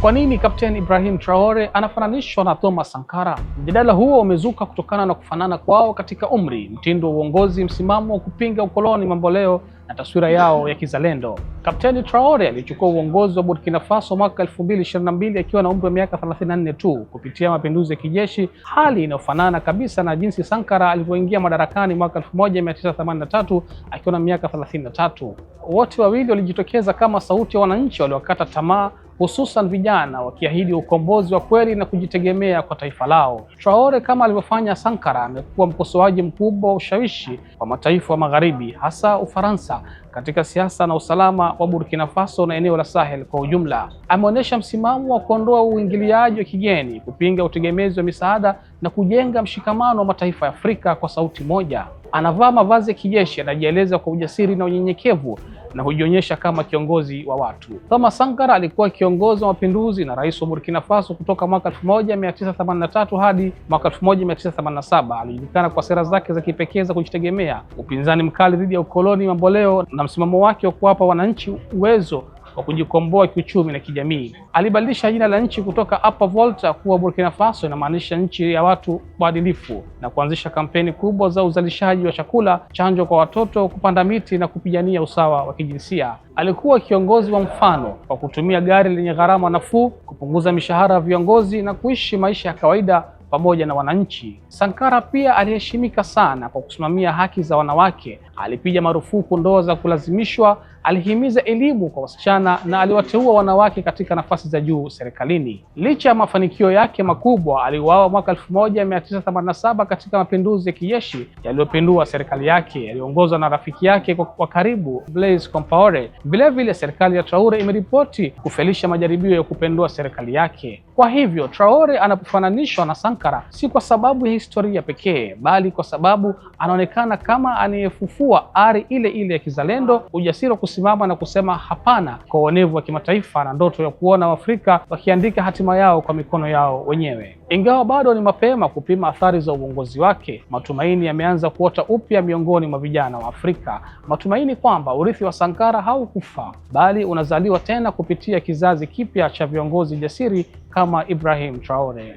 Kwa nini Kapteni Ibrahim Traore anafananishwa na Thomas Sankara? Mjadala huo umezuka kutokana na kufanana kwao katika umri, mtindo wa uongozi, msimamo wa kupinga ukoloni mamboleo na taswira yao ya kizalendo. Kapteni Traore alichukua uongozi wa Burkina Faso mwaka 2022 akiwa na umri wa miaka 34 tu kupitia mapinduzi ya kijeshi, hali inayofanana kabisa na jinsi Sankara alivyoingia madarakani mwaka 1983 akiwa na miaka 33. Wote wawili walijitokeza kama sauti ya wananchi waliokata tamaa hususan vijana wakiahidi ukombozi wa kweli na kujitegemea kwa taifa lao. Traore, kama alivyofanya Sankara, amekuwa mkosoaji mkubwa wa ushawishi wa mataifa wa Magharibi, hasa Ufaransa katika siasa na usalama wa Burkina Faso na eneo la Sahel kwa ujumla. Ameonyesha msimamo wa kuondoa uingiliaji wa kigeni, kupinga utegemezi wa misaada na kujenga mshikamano wa mataifa ya Afrika kwa sauti moja. Anavaa mavazi ya kijeshi, anajieleza kwa ujasiri na unyenyekevu, na hujionyesha kama kiongozi wa watu. Thomas Sankara alikuwa kiongozi wa mapinduzi na rais wa Burkina Faso kutoka mwaka 1983 hadi mwaka 1987. Alijulikana kwa sera zake za kipekee za kujitegemea, upinzani mkali dhidi ya ukoloni mamboleo na msimamo wake wa kuwapa wananchi uwezo wa kujikomboa kiuchumi na kijamii. Alibadilisha jina la nchi kutoka Upper Volta kuwa Burkina Faso, inamaanisha nchi ya watu waadilifu, na kuanzisha kampeni kubwa za uzalishaji wa chakula, chanjo kwa watoto, kupanda miti na kupigania usawa wa kijinsia. Alikuwa kiongozi wa mfano kwa kutumia gari lenye gharama nafuu, kupunguza mishahara ya viongozi na kuishi maisha ya kawaida pamoja na wananchi. Sankara pia aliheshimika sana kwa kusimamia haki za wanawake. Alipiga marufuku ndoa za kulazimishwa alihimiza elimu kwa wasichana na aliwateua wanawake katika nafasi za juu serikalini. Licha ya mafanikio yake makubwa, aliuawa mwaka 1987 katika mapinduzi ya kijeshi yaliyopindua serikali yake yaliyoongozwa na rafiki yake kwa karibu Blaise Compaore. Vilevile, serikali ya Traore imeripoti kufelisha majaribio ya kupindua serikali yake. Kwa hivyo, Traore anapofananishwa na Sankara si kwa sababu ya historia pekee, bali kwa sababu anaonekana kama anayefufua ari ile ile ya kizalendo, ujasiri kusimama na kusema hapana kwa uonevu wa kimataifa na ndoto ya kuona Waafrika wakiandika hatima yao kwa mikono yao wenyewe. Ingawa bado ni mapema kupima athari za uongozi wake, matumaini yameanza kuota upya miongoni mwa vijana wa Afrika, matumaini kwamba urithi wa Sankara haukufa bali unazaliwa tena kupitia kizazi kipya cha viongozi jasiri kama Ibrahim Traore.